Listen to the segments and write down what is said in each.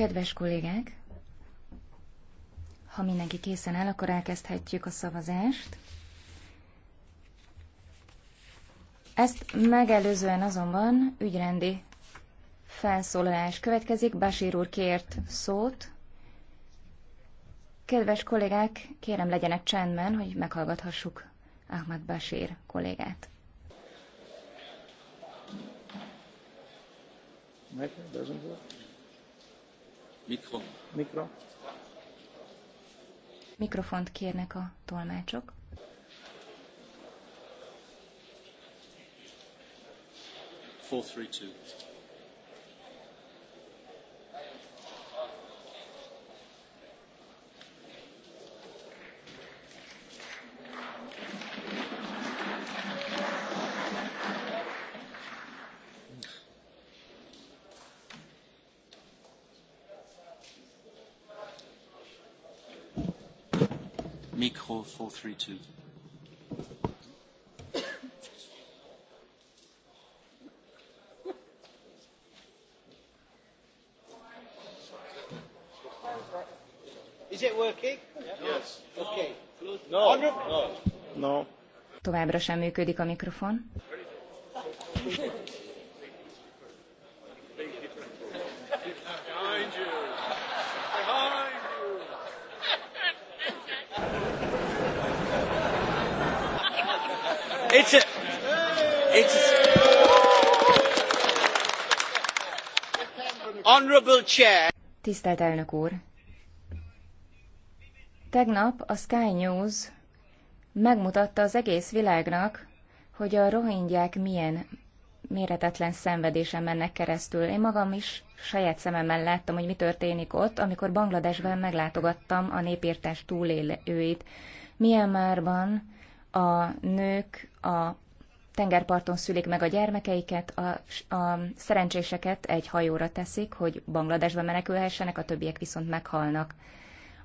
Kedves kollégák, ha mindenki készen áll, akkor elkezdhetjük a szavazást. Ezt megelőzően azonban ügyrendi felszólalás következik. Basír úr kért szót. Kedves kollégák, kérem legyenek csendben, hogy meghallgathassuk Ahmad Basír kollégát. doesn't work. Mikro. Mikro. Mikrofont kérnek a tolmácsok. Four, three, two. 432. Is it working? Yes. Okay. No. No. Továbbra sem működik a mikrofon. Behind you. It's a, it's a, honorable chair. Tisztelt elnök úr! Tegnap a Sky News megmutatta az egész világnak, hogy a rohingyák milyen méretetlen szenvedésen mennek keresztül. Én magam is saját szememmel láttam, hogy mi történik ott, amikor Bangladesben meglátogattam a népírtás túlélőit. Myanmarban a nők a tengerparton szülik meg a gyermekeiket, a, a szerencséseket egy hajóra teszik, hogy Bangladesbe menekülhessenek, a többiek viszont meghalnak.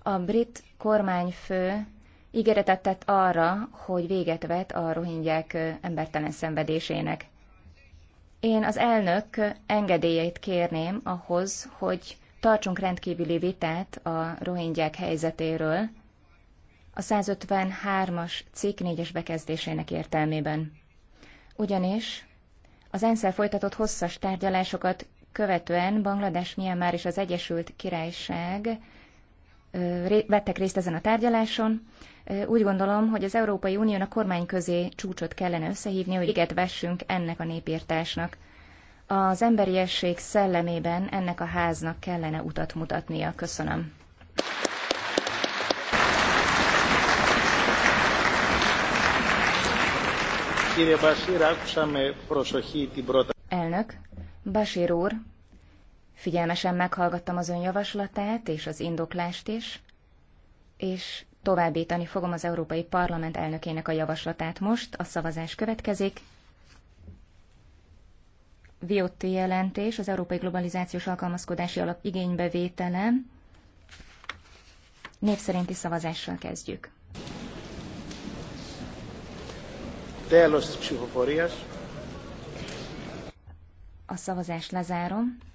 A brit kormányfő ígéretet tett arra, hogy véget vet a rohingyák embertelen szenvedésének. Én az elnök engedélyeit kérném ahhoz, hogy tartsunk rendkívüli vitát a rohingyák helyzetéről, a 153-as cikk 4-es bekezdésének értelmében. Ugyanis az ensz folytatott hosszas tárgyalásokat követően Banglades, Myanmar és az Egyesült Királyság vettek részt ezen a tárgyaláson. Úgy gondolom, hogy az Európai Unión a kormány közé csúcsot kellene összehívni, hogy iget vessünk ennek a népírtásnak. Az emberiesség szellemében ennek a háznak kellene utat mutatnia. Köszönöm. Elnök, Basír úr, figyelmesen meghallgattam az ön javaslatát és az indoklást is, és továbbítani fogom az Európai Parlament elnökének a javaslatát most, a szavazás következik. Viotti jelentés, az Európai Globalizációs Alkalmazkodási Alap igénybevétele. Népszerinti szavazással kezdjük. Τέλος της ψηφοφορίας. A szavazást lezárom.